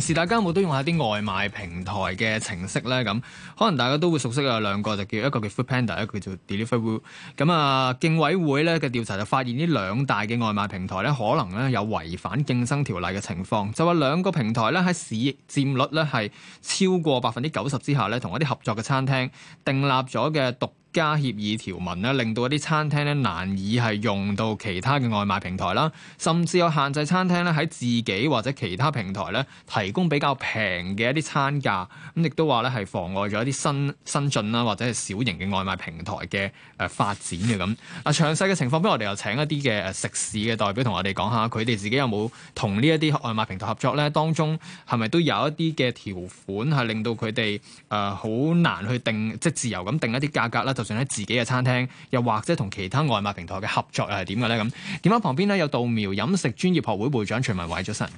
是大家有冇都用下啲外賣平台嘅程式咧？咁可能大家都會熟悉啊，兩個就叫一個叫 Foodpanda，一個叫做 Deliveroo。咁啊，競委會咧嘅調查就發現呢兩大嘅外賣平台咧，可能咧有違反競爭條例嘅情況，就話兩個平台咧喺市占率咧係超過百分之九十之下咧，同一啲合作嘅餐廳訂立咗嘅獨加協議條文咧，令到一啲餐廳咧難以係用到其他嘅外賣平台啦，甚至有限制餐廳咧喺自己或者其他平台咧提供比較平嘅一啲餐價。咁亦都話咧係妨礙咗一啲新新進啦，或者係小型嘅外賣平台嘅誒發展嘅咁。啊， 詳細嘅情況，畀我哋又請一啲嘅誒食肆嘅代表同我哋講下，佢哋自己有冇同呢一啲外賣平台合作咧？當中係咪都有一啲嘅條款係令到佢哋誒好難去定即係自由咁定一啲價格啦？就算喺自己嘅餐廳，又或者同其他外賣平台嘅合作又係點嘅咧？咁點解旁邊咧有稻苗飲食專業學會會長徐汶緯先生？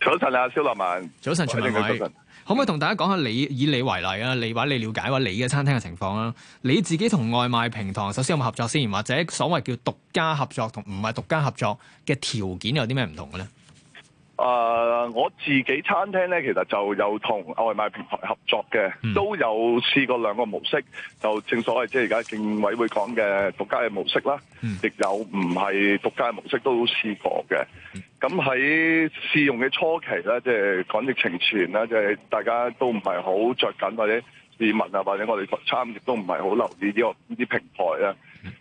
早晨啊，肖立文，早晨，早晨徐會長，晨可唔可以同大家講下你以你為例啊？你或者你了解話你嘅餐廳嘅情況啦？你自己同外賣平台首先有冇合作先？或者所謂叫獨家合作同唔係獨家合作嘅條件有啲咩唔同嘅咧？啊！Uh, 我自己餐廳咧，其實就有同外賣平台合作嘅，mm. 都有試過兩個模式，就正所謂即係而家競委會講嘅獨家嘅模式啦，亦、mm. 有唔係獨家嘅模式都試過嘅。咁喺、mm. 試用嘅初期咧，即係講疫情前呢，即、就、係、是、大家都唔係好着緊，或者市民啊，或者我哋餐業都唔係好留意呢、這個呢啲平台啊。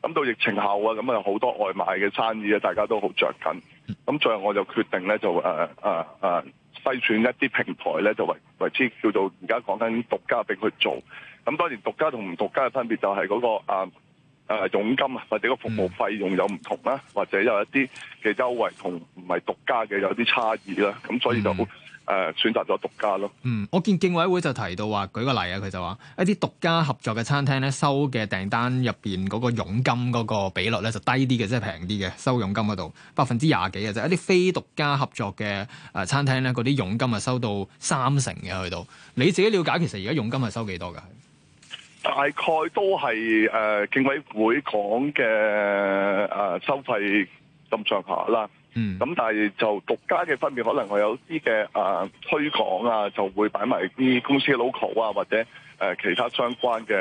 咁、mm. 到疫情後啊，咁啊好多外賣嘅生意啊，大家都好着緊。咁、嗯、最後我就決定咧，就呃呃呃篩選一啲平台咧，就為為之叫做而家講緊獨家俾佢做。咁當然獨家同唔獨家嘅分別就係嗰、嗰個呃、啊啊、佣金啊，或者個服務費用有唔同啦，或者有一啲嘅優惠同唔係獨家嘅有啲差異啦。咁所以就、嗯誒、呃，選擇咗獨家咯。嗯，我見競委會就提到話，舉個例啊，佢就話一啲獨家合作嘅餐廳咧，收嘅訂單入邊嗰個佣金嗰個比率咧就低啲嘅，即係平啲嘅，收佣金嗰度百分之廿幾嘅，就是、一啲非獨家合作嘅誒、呃、餐廳咧，嗰啲佣金啊收到三成嘅去到。你自己了解，其實而家佣金係收幾多㗎？大概都係誒，競、呃、委會講嘅誒收費咁上下啦。嗯，咁但係就獨家嘅分別，可能我有啲嘅誒推廣啊，就會擺埋啲公司嘅 logo 啊，或者誒、呃、其他相關嘅誒、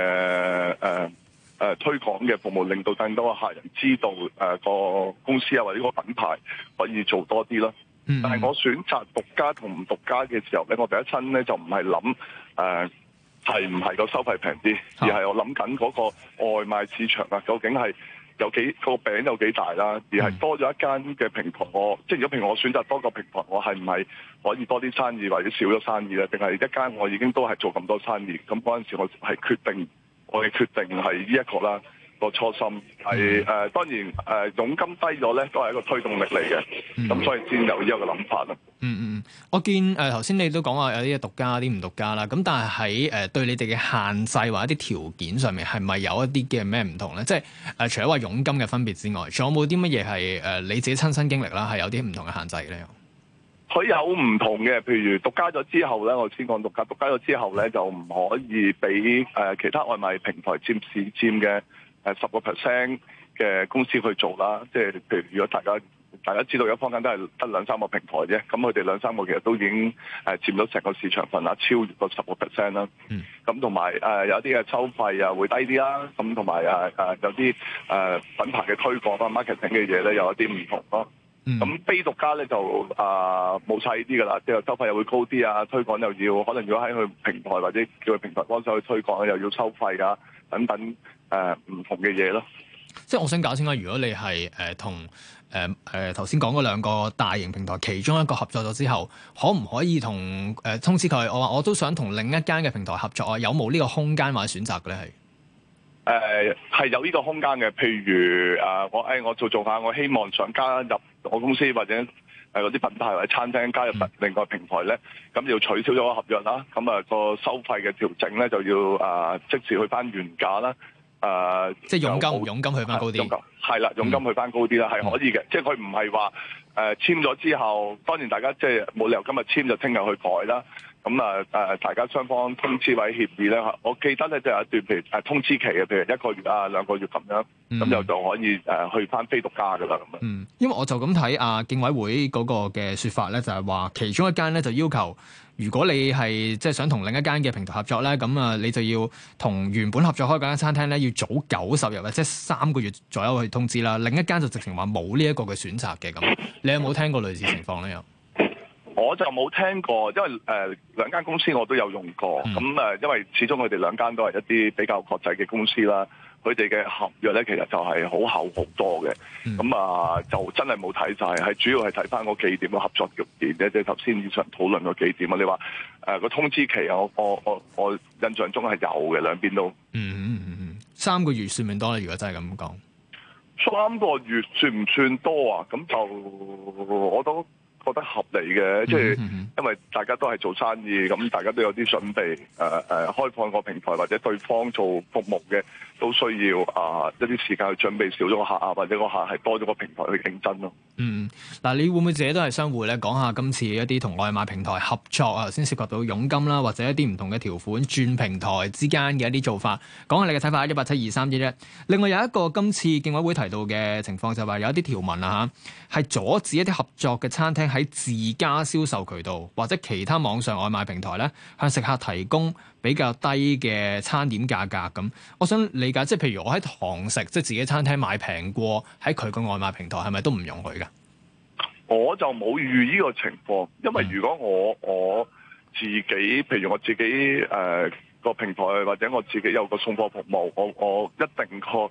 呃呃、推廣嘅服務，令到更多嘅客人知道誒個、呃、公司啊，或者個品牌可以做多啲咯。嗯嗯，但係我選擇獨家同唔獨家嘅時候咧，我第一親咧就唔係諗誒係唔係個收費平啲，啊、而係我諗緊嗰個外賣市場啊，究竟係。有幾個餅有幾大啦，而係多咗一間嘅平台，我即係如果譬如我選擇多個平台，我係唔係可以多啲生意，或者少咗生意咧？定係一間我已經都係做咁多生意，咁嗰陣時我係決定，我哋決定係呢一個啦。個初心係誒當然誒傭金低咗咧，都係一個推動力嚟嘅，咁、嗯、所以先有依個諗法咯。嗯嗯，我見誒頭先你都講話有啲嘅獨家、啲唔獨家啦，咁但係喺誒對你哋嘅限制或者啲條件上面，係咪有一啲嘅咩唔同咧？即係誒、呃，除咗話佣金嘅分別之外，仲有冇啲乜嘢係誒你自己親身經歷啦？係有啲唔同嘅限制咧？佢有唔同嘅，譬如獨家咗之後咧，我先講獨家，獨家咗之後咧，就唔可以俾誒、呃、其他外賣平台佔市佔嘅。係十個 percent 嘅公司去做啦，即係譬如如果大家大家知道有坊間都係得兩三個平台啫，咁佢哋兩三個其實都已經係佔到成個市場份額，超越個十個 percent 啦。咁同埋誒有啲嘅收費啊會低啲啦，咁同埋誒有啲誒品牌嘅推廣啊 marketing 嘅嘢咧，又有一啲唔同咯。咁、mm. 非獨家咧就啊冇晒呢啲噶啦，即係收費又會高啲啊，推廣又要可能如果喺佢平台或者叫佢平台幫手去推廣又要收費啊等等。誒唔、呃、同嘅嘢咯，即係我想搞清楚，如果你係同誒誒頭先講嗰兩個大型平台其中一個合作咗之後，可唔可以同誒、呃、通知佢？我我都想同另一間嘅平台合作啊，有冇呢個空間或者選擇嘅咧？係誒係有呢個空間嘅，譬如啊、呃，我、哎、我做做下，我希望想加入我公司或者嗰啲品牌或者餐廳加入另外個平台咧，咁、嗯、要取消咗個合約啦，咁、那、啊個收費嘅調整咧就要啊、呃、即時去返原價啦。誒，呃、即係佣金，佣金去翻高啲啦，係啦、嗯，佣金去翻高啲啦，係可以嘅，即係佢唔係話誒簽咗之後，當然大家即係冇理由今日簽就聽日去改啦。咁啊，大家雙方通知位協議咧，我記得咧就有一段，譬如誒通知期嘅，譬如一個月啊，兩個月咁樣，咁就就可以誒去翻非獨家噶啦咁啊。嗯，因為我就咁睇啊，競委會嗰個嘅說法咧，就係話其中一間咧就要求，如果你係即係想同另一間嘅平台合作咧，咁啊，你就要同原本合作開嗰間餐廳咧，要早九十日即係三個月左右去通知啦。另一間就直情話冇呢一個嘅選擇嘅，咁，你有冇聽過類似情況咧？我就冇聽過，因為誒、呃、兩間公司我都有用過，咁誒、嗯、因為始終佢哋兩間都係一啲比較國際嘅公司啦，佢哋嘅合約咧其實就係好厚好多嘅，咁啊、嗯嗯呃、就真係冇睇晒，係主要係睇返嗰幾點嘅合作條件咧，即係頭先以上討論嗰幾點啊。你話誒、呃那個通知期我，我我我我印象中係有嘅兩邊都，嗯嗯嗯嗯，三個月算唔多咧？如果真係咁講，三個月算唔算多啊？咁就我都。覺得合理嘅，即係因為大家都係做生意，咁大家都有啲準備，誒、呃、誒、呃，開放個平台或者對方做服務嘅，都需要啊、呃、一啲時間去準備少咗個客啊，或者個客係多咗個平台去競爭咯、啊。嗯，嗱，你會唔會自己都係商戶咧？講下今次一啲同外賣平台合作啊，頭先涉及到佣金啦，或者一啲唔同嘅條款，轉平台之間嘅一啲做法，講一下你嘅睇法一八七二三一一。另外有一個今次競委會提到嘅情況就係話有一啲條文啊嚇，係阻止一啲合作嘅餐廳。喺自家銷售渠道或者其他網上外賣平台咧，向食客提供比較低嘅餐點價格，咁，我想理解，即係譬如我喺堂食，即係自己餐廳買平過，喺佢個外賣平台，係咪都唔容許噶我就冇遇呢個情況，因為如果我我自己，譬如我自己誒個、呃、平台或者我自己有個送貨服務，我我一定確。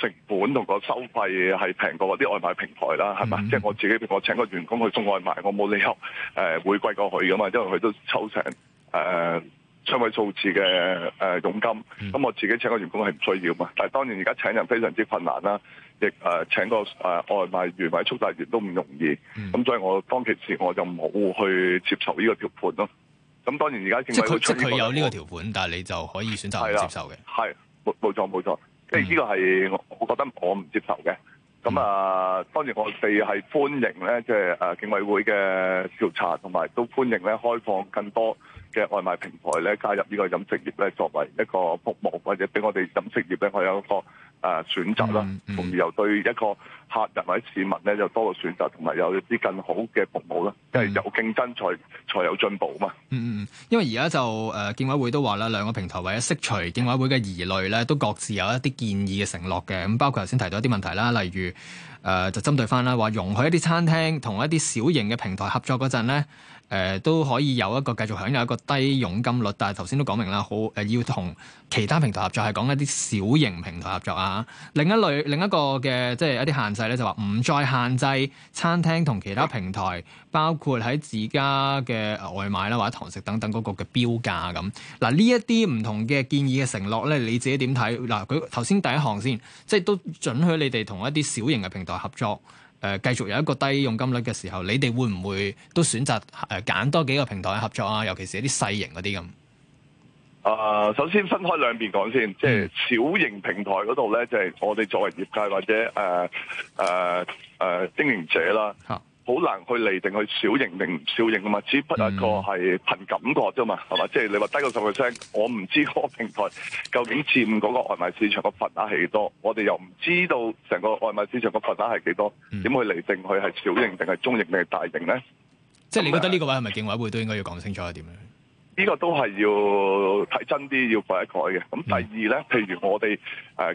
成本同個收費係平過啲外賣平台啦，係嘛？即係、嗯、我自己，我請個員工去送外賣，我冇理由誒、呃、會貴過佢㗎嘛，因為佢都抽成誒雙、呃、位數字嘅誒佣金。咁、嗯、我自己請個員工係唔需要嘛。但係當然而家請人非常之困難啦，亦誒請個誒、呃呃呃、外賣員或速遞員都唔容易。咁、嗯、所以我當其時我就冇去接受呢個條款咯。咁當然而家即係佢即係佢有呢個條款，但係你就可以選擇唔接受嘅。係冇錯冇錯。冇錯。即係呢個係我，我覺得我唔接受嘅。咁啊，當然我哋係歡迎咧，即係誒競委會嘅調查，同埋都歡迎咧開放更多嘅外賣平台咧加入呢個飲食業咧，作為一個服務，或者俾我哋飲食業咧，我有一個。誒、啊、選擇啦，從而又對一個客人或者市民咧，就多個選擇，同埋有一啲更好嘅服務啦。因為、嗯、有競爭才才有進步嘛。嗯嗯嗯，因為而家就誒，競、呃、委會都話啦，兩個平台為咗釋除競委會嘅疑慮咧，都各自有一啲建議嘅承諾嘅。咁包括頭先提到一啲問題啦，例如誒、呃，就針對返啦，話容許一啲餐廳同一啲小型嘅平台合作嗰陣咧。誒、呃、都可以有一個繼續享有一個低佣金率，但係頭先都講明啦，好、呃、要同其他平台合作，係講一啲小型平台合作啊。另一類另一個嘅即係一啲限制咧，就話唔再限制餐廳同其他平台，包括喺自家嘅外賣啦或者堂食等等嗰個嘅標價咁。嗱呢一啲唔同嘅建議嘅承諾咧，你自己點睇？嗱，佢頭先第一項先，即係都准許你哋同一啲小型嘅平台合作。誒、呃、繼續有一個低佣金率嘅時候，你哋會唔會都選擇誒揀、呃、多幾個平台合作啊？尤其是一啲細型嗰啲咁。誒、呃，首先分開兩邊講先，即係的小型平台嗰度咧，就係我哋作為業界或者誒誒誒經營者啦，嚇。好難去厘定佢小型定小型噶嘛，只不過個係憑感覺啫嘛，係嘛、嗯？即係、就是、你話低個十 p e 我唔知個平台究竟佔嗰個外賣市場個份額係幾多，我哋又唔知道成個外賣市場個份額係幾多，點去厘定佢係小型定係中型定係大型呢？嗯、那即係你覺得呢個位係咪證委會都應該要講清楚一點呢？呢個都係要睇真啲，要改一改嘅。咁第二呢，嗯、譬如我哋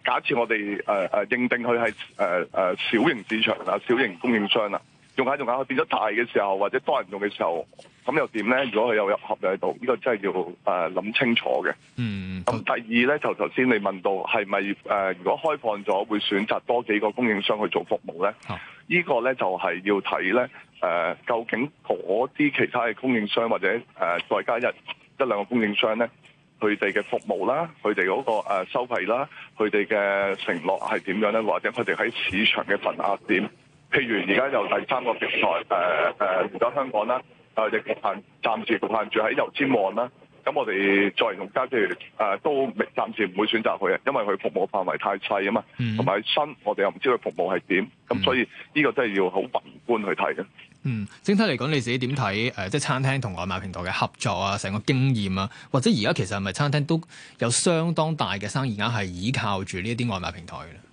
假設我哋誒誒認定佢係誒誒小型市場啦，小型供應商啦。用下用下，佢變咗大嘅時候，或者多人用嘅時候，咁又點咧？如果佢有入合入喺度，呢、這個真係要誒諗、呃、清楚嘅。嗯。咁第二咧，就頭先你問到係咪誒？如果開放咗，會選擇多幾個供應商去做服務咧？啊、個呢個咧就係、是、要睇咧誒，究竟嗰啲其他嘅供應商或者誒、呃、再加一一,一兩個供應商咧，佢哋嘅服務啦，佢哋嗰個、呃、收費啦，佢哋嘅承諾係點樣咧？或者佢哋喺市場嘅份額點？譬如而家有第三個平台，誒誒而家香港啦，誒亦侷限暫時局限住喺油尖旺啦。咁我哋作為用家，譬如誒、呃、都暫時唔會選擇佢啊，因為佢服務範圍太細啊嘛，同埋新我哋又唔知佢服務係點，咁、嗯、所以呢個真係要好宏觀去睇嘅。嗯，整體嚟講，你自己點睇誒？即係餐廳同外賣平台嘅合作啊，成個經驗啊，或者而家其實係咪餐廳都有相當大嘅生意額係依靠住呢一啲外賣平台嘅咧？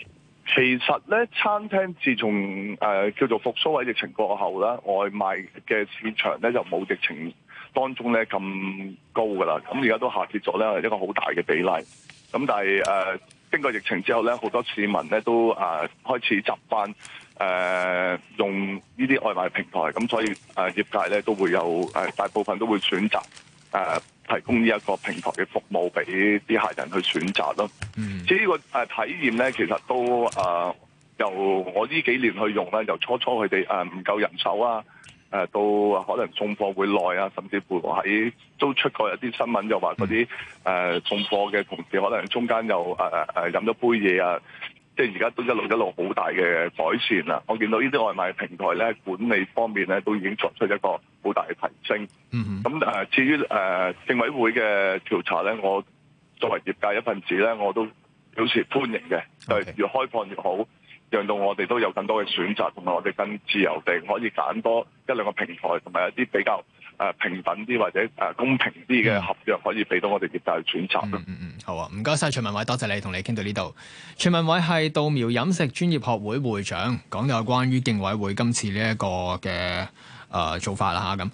其實咧，餐廳自從誒、呃、叫做復甦喺疫情過後咧，外賣嘅市場咧就冇疫情當中咧咁高噶啦。咁而家都下跌咗咧一個好大嘅比例。咁、嗯、但係誒、呃、經過疫情之後咧，好多市民咧都誒、呃、開始習慣誒用呢啲外賣平台。咁、嗯、所以誒、呃、業界咧都會有誒、呃、大部分都會選擇誒。呃提供呢一個平台嘅服務俾啲客人去選擇咯。嗯，呢個誒體驗咧，其實都誒、呃、由我呢幾年去用咧，由初初佢哋誒唔夠人手啊，誒、呃、到可能送貨會耐啊，甚至乎喺都出過一啲新聞，又話嗰啲誒送貨嘅同事可能中間又誒誒飲咗杯嘢啊。即係而家都一路一路好大嘅改善啦，我見到呢啲外賣平台咧，管理方面咧都已經作出一個好大嘅提升。咁誒、mm，hmm. 至於誒、呃、競委會嘅調查咧，我作為業界一份子咧，我都表示歡迎嘅。就係、越開放越好，讓到我哋都有更多嘅選擇，同埋我哋更自由地可以揀多一兩個平台，同埋一啲比較。誒平等啲或者誒公平啲嘅合約，可以俾到我哋接受選擇咯 Yeah.、嗯。嗯嗯好啊，唔該晒，徐汶緯，多謝你同你傾到呢度。徐汶緯係稻苗飲食專業學會會長，講到關於競委會今次呢一個嘅誒、呃、做法啦嚇咁。啊